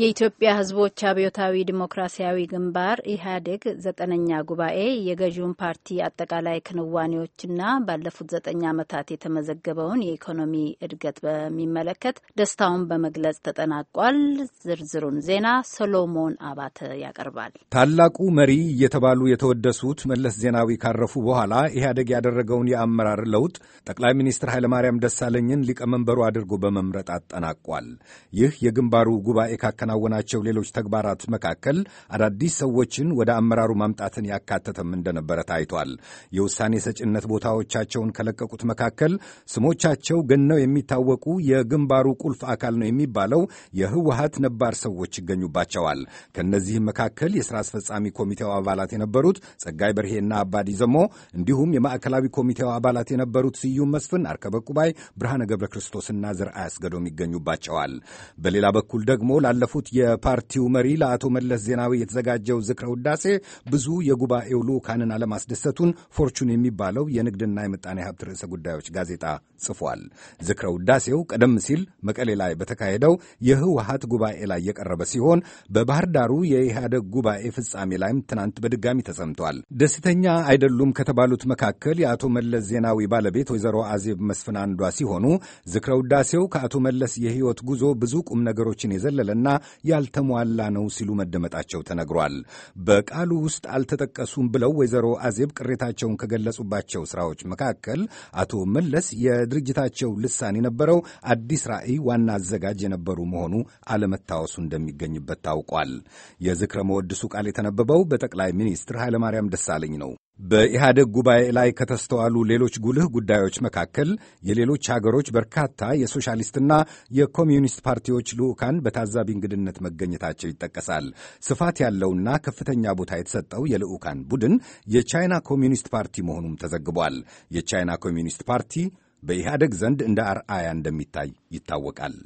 የኢትዮጵያ ሕዝቦች አብዮታዊ ዲሞክራሲያዊ ግንባር ኢህአዴግ ዘጠነኛ ጉባኤ የገዢውን ፓርቲ አጠቃላይ ክንዋኔዎችና ባለፉት ዘጠኝ ዓመታት የተመዘገበውን የኢኮኖሚ እድገት በሚመለከት ደስታውን በመግለጽ ተጠናቋል። ዝርዝሩን ዜና ሰሎሞን አባተ ያቀርባል። ታላቁ መሪ እየተባሉ የተወደሱት መለስ ዜናዊ ካረፉ በኋላ ኢህአዴግ ያደረገውን የአመራር ለውጥ ጠቅላይ ሚኒስትር ኃይለማርያም ደሳለኝን ሊቀመንበሩ አድርጎ በመምረጥ አጠናቋል። ይህ የግንባሩ ጉባኤ ካከናወናቸው ሌሎች ተግባራት መካከል አዳዲስ ሰዎችን ወደ አመራሩ ማምጣትን ያካተተም እንደነበረ ታይቷል። የውሳኔ ሰጭነት ቦታዎቻቸውን ከለቀቁት መካከል ስሞቻቸው ገነው የሚታወቁ የግንባሩ ቁልፍ አካል ነው የሚባለው የህወሀት ነባር ሰዎች ይገኙባቸዋል። ከእነዚህም መካከል የሥራ አስፈጻሚ ኮሚቴው አባላት የነበሩት ጸጋይ በርሄና አባዲ ዘሞ እንዲሁም የማዕከላዊ ኮሚቴው አባላት የነበሩት ስዩም መስፍን፣ አርከበ ቁባይ፣ ብርሃነ ገብረ ክርስቶስና ዘርአ ያስገዶም ይገኙባቸዋል። በሌላ በኩል ደግሞ ላለፈው ያስተላለፉት የፓርቲው መሪ ለአቶ መለስ ዜናዊ የተዘጋጀው ዝክረ ውዳሴ ብዙ የጉባኤው ልዑካንን አለማስደሰቱን ፎርቹን የሚባለው የንግድና የምጣኔ ሀብት ርዕሰ ጉዳዮች ጋዜጣ ጽፏል። ዝክረ ውዳሴው ቀደም ሲል መቀሌ ላይ በተካሄደው የህወሀት ጉባኤ ላይ የቀረበ ሲሆን በባህር ዳሩ የኢህአደግ ጉባኤ ፍጻሜ ላይም ትናንት በድጋሚ ተሰምቷል። ደስተኛ አይደሉም ከተባሉት መካከል የአቶ መለስ ዜናዊ ባለቤት ወይዘሮ አዜብ መስፍን አንዷ ሲሆኑ ዝክረ ውዳሴው ከአቶ መለስ የህይወት ጉዞ ብዙ ቁም ነገሮችን የዘለለና ያልተሟላ ነው ሲሉ መደመጣቸው ተነግሯል። በቃሉ ውስጥ አልተጠቀሱም ብለው ወይዘሮ አዜብ ቅሬታቸውን ከገለጹባቸው ስራዎች መካከል አቶ መለስ የድርጅታቸው ልሳን የነበረው አዲስ ራዕይ ዋና አዘጋጅ የነበሩ መሆኑ አለመታወሱ እንደሚገኝበት ታውቋል። የዝክረ መወድሱ ቃል የተነበበው በጠቅላይ ሚኒስትር ኃይለማርያም ደሳለኝ ነው። በኢህአደግ ጉባኤ ላይ ከተስተዋሉ ሌሎች ጉልህ ጉዳዮች መካከል የሌሎች ሀገሮች በርካታ የሶሻሊስትና የኮሚዩኒስት ፓርቲዎች ልዑካን በታዛቢ እንግድነት መገኘታቸው ይጠቀሳል። ስፋት ያለውና ከፍተኛ ቦታ የተሰጠው የልዑካን ቡድን የቻይና ኮሚዩኒስት ፓርቲ መሆኑም ተዘግቧል። የቻይና ኮሚኒስት ፓርቲ በኢህአደግ ዘንድ እንደ አርአያ እንደሚታይ ይታወቃል።